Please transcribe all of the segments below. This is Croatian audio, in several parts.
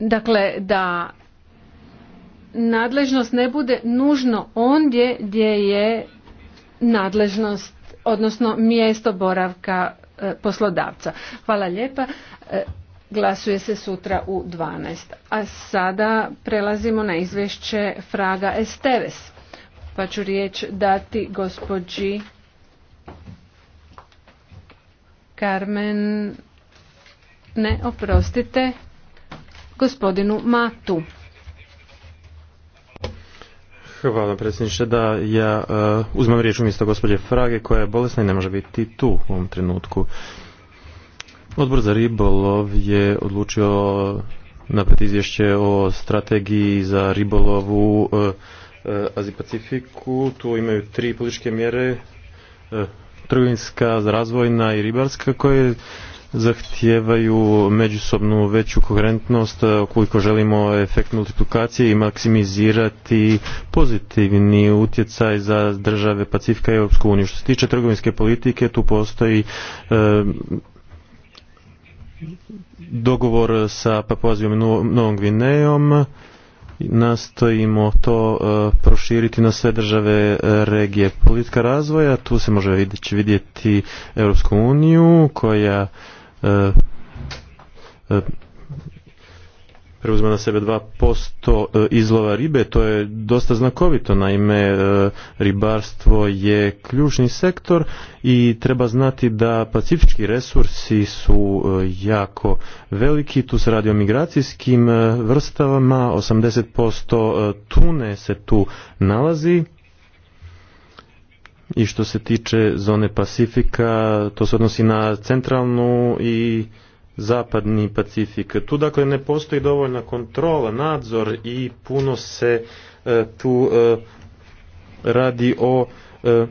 Dakle, da nadležnost ne bude nužno ondje gdje je nadležnost, odnosno mjesto boravka e, poslodavca. Hvala lijepa. E, glasuje se sutra u 12. A sada prelazimo na izvješće Fraga Esteves. Pa ću riječ dati gospođi Carmen... Ne, oprostite gospodinu Matu. Hvala predsjedniče da ja e, uzmem riječ umjesto gospođe Frage koja je bolesna i ne može biti tu u ovom trenutku. Odbor za ribolov je odlučio napred izvješće o strategiji za ribolovu uh, uh, Tu imaju tri političke mjere, trgovinska, razvojna i ribarska koje zahtijevaju međusobnu veću koherentnost e, ukoliko želimo efekt multiplikacije i maksimizirati pozitivni utjecaj za države Pacifika i Europsku uniju. Što se tiče trgovinske politike, tu postoji e, dogovor sa Papuazijom i Novom Gvinejom nastojimo to e, proširiti na sve države regije politika razvoja. Tu se može vidjeti, vidjeti Europsku uniju koja E, e, preuzme na sebe 2% e, izlova ribe, to je dosta znakovito, naime ribarstvo je ključni sektor i treba znati da pacifički resursi su jako veliki, tu se radi o migracijskim vrstavama, 80% tune se tu nalazi, i što se tiče zone Pacifika, to se odnosi na centralnu i zapadni Pacifik. Tu dakle ne postoji dovoljna kontrola, nadzor i puno se e, tu e, radi o e,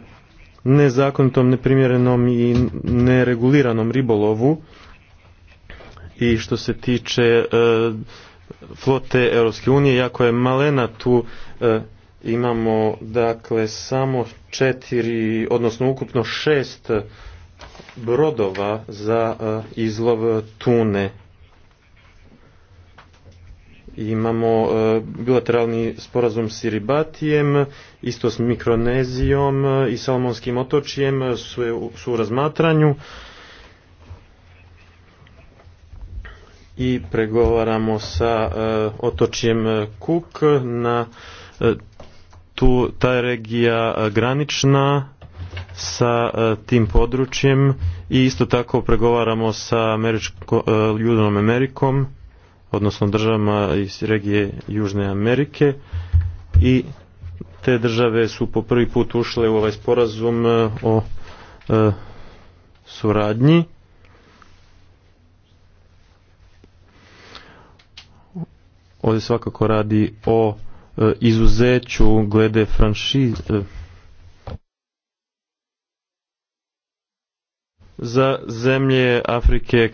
nezakonitom, neprimjerenom i nereguliranom ribolovu i što se tiče flote Europske unije, jako je malena tu imamo dakle samo četiri, odnosno ukupno šest brodova za e, izlov tune. Imamo e, bilateralni sporazum s Iribatijem, isto s Mikronezijom i Salomonskim otočijem su, su u razmatranju. I pregovaramo sa e, otočijem Kuk na tu ta je regija e, granična sa e, tim područjem i isto tako pregovaramo sa e, Južnom Amerikom odnosno državama iz regije Južne Amerike i te države su po prvi put ušle u ovaj sporazum o suradnji. Ovdje svakako radi o E, izuzeću glede franšize za zemlje Afrike,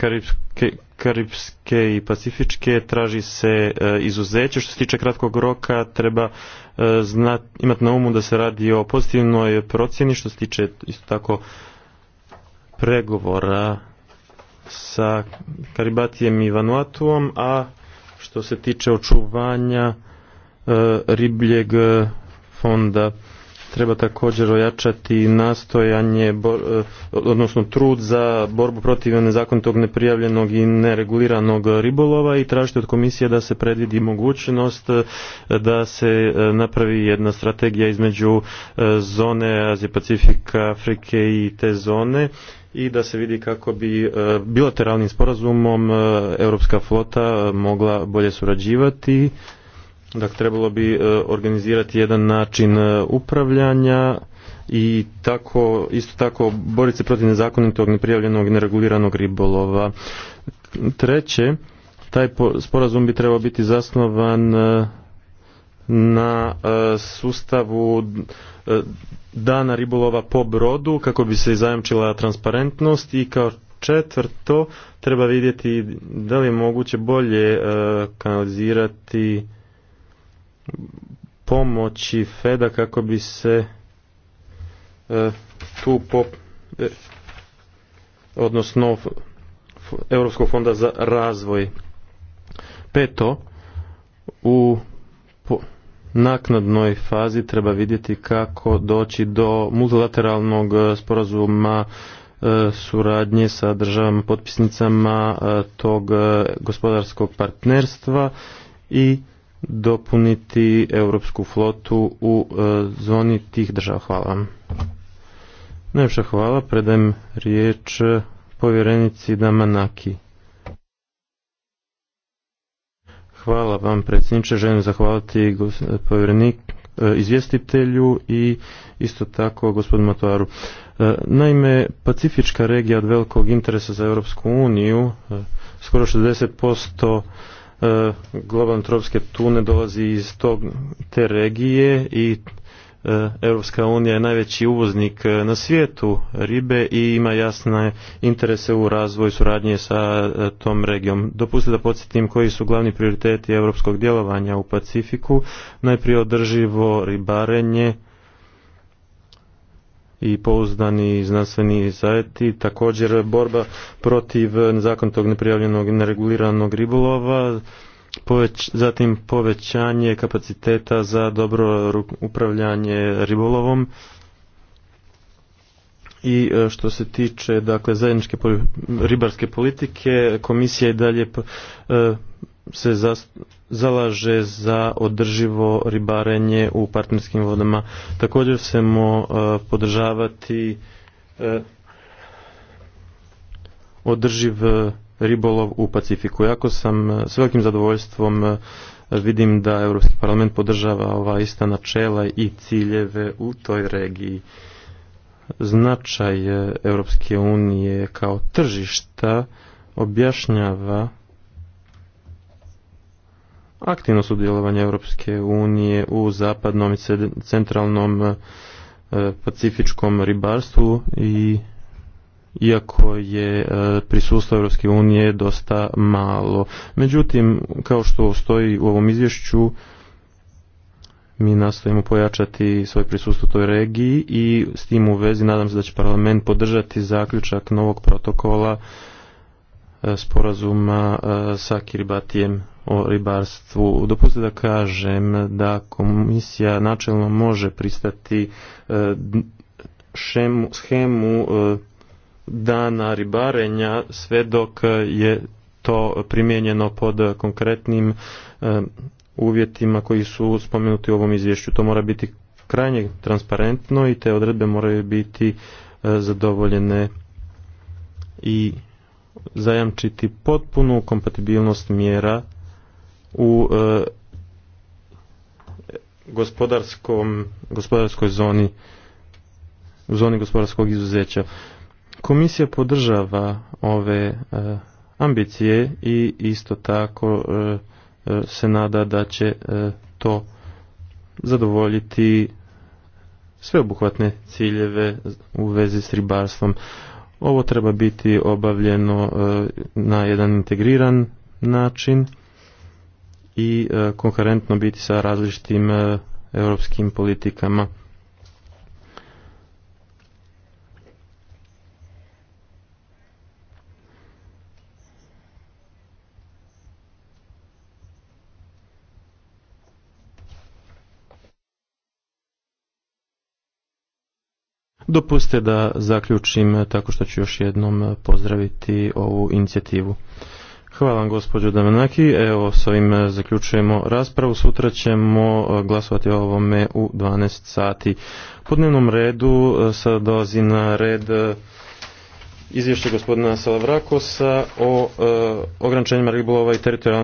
Karibske, i Pacifičke traži se e, izuzeće. Što se tiče kratkog roka treba e, imati na umu da se radi o pozitivnoj procjeni što se tiče isto tako pregovora sa Karibatijem i Vanuatuom, a što se tiče očuvanja E, ribljeg fonda. Treba također ojačati nastojanje, e, odnosno trud za borbu protiv nezakonitog, neprijavljenog i nereguliranog ribolova i tražiti od komisije da se predvidi mogućnost e, da se napravi jedna strategija između zone Azije, Pacifika, Afrike i te zone i da se vidi kako bi bilateralnim sporazumom europska flota mogla bolje surađivati Dakle, trebalo bi e, organizirati jedan način e, upravljanja i tako, isto tako boriti se protiv nezakonitog, neprijavljenog i nereguliranog ribolova. Treće, taj sporazum bi trebao biti zasnovan e, na sustavu dana ribolova po brodu kako bi se zajamčila transparentnost i kao četvrto treba vidjeti da li je moguće bolje kanalizirati pomoći Feda kako bi se e, tu e, odnosno Europskog fonda za razvoj. Peto, u naknadnoj fazi treba vidjeti kako doći do multilateralnog e, sporazuma e, suradnje sa državama potpisnicama tog gospodarskog partnerstva i dopuniti europsku flotu u e, zoni tih država. Hvala vam. hvala, predajem riječ povjerenici Damanaki. Hvala vam predsjedniče, želim zahvaliti povjerenik e, izvjestitelju i isto tako gospodinu Matoaru. E, naime, pacifička regija od velikog interesa za Europsku uniju, skoro 60% E, globalne tropske tune dolazi iz tog, te regije i e, Europska unija je najveći uvoznik e, na svijetu ribe i ima jasne interese u razvoju suradnje sa tom regijom. Dopustite da podsjetim koji su glavni prioriteti europskog djelovanja u Pacifiku, najprije održivo ribarenje, i pouzdani znanstveni zajeti. Također borba protiv nezakonitog, neprijavljenog i nereguliranog ribolova, poveć, zatim povećanje kapaciteta za dobro upravljanje ribolovom i e, što se tiče dakle zajedničke ribarske politike komisija i dalje e, se zalaže za održivo ribarenje u partnerskim vodama. Također ćemo e, podržavati e, održiv ribolov u Pacifiku. Jako sam e, s velikim zadovoljstvom vidim da Europski parlament podržava ova ista načela i ciljeve u toj regiji. Značaj Europske unije kao tržišta objašnjava aktivno sudjelovanje Europske unije u zapadnom i centralnom eh, pacifičkom ribarstvu i iako je eh, prisustvo Europske unije dosta malo. Međutim, kao što stoji u ovom izvješću, mi nastojimo pojačati svoj prisustvo u toj regiji i s tim u vezi nadam se da će parlament podržati zaključak novog protokola sporazuma e, sa Kiribatijem o ribarstvu. Dopustite da kažem da komisija načelno može pristati e, šemu, schemu e, dana ribarenja sve dok je to primijenjeno pod konkretnim uvjetima koji su spomenuti u ovom izvješću. To mora biti krajnje transparentno i te odredbe moraju biti zadovoljene i zajamčiti potpunu kompatibilnost mjera u e, gospodarskom, gospodarskoj zoni, u zoni gospodarskog izuzeća. Komisija podržava ove e, ambicije i isto tako e, se nada da će to zadovoljiti sveobuhvatne ciljeve u vezi s ribarstvom. Ovo treba biti obavljeno e, na jedan integriran način i e, konkurentno biti sa različitim e, europskim politikama. Dopustite da zaključim e, tako što ću još jednom e, pozdraviti ovu inicijativu. Hvala vam gospođo Damanaki. Evo s ovim e, zaključujemo raspravu. Sutra ćemo glasovati o ovome u 12 sati. Po dnevnom redu sada dolazi na red izvješće gospodina Salavrakosa o ograničenjima ribolova i teritorijalnog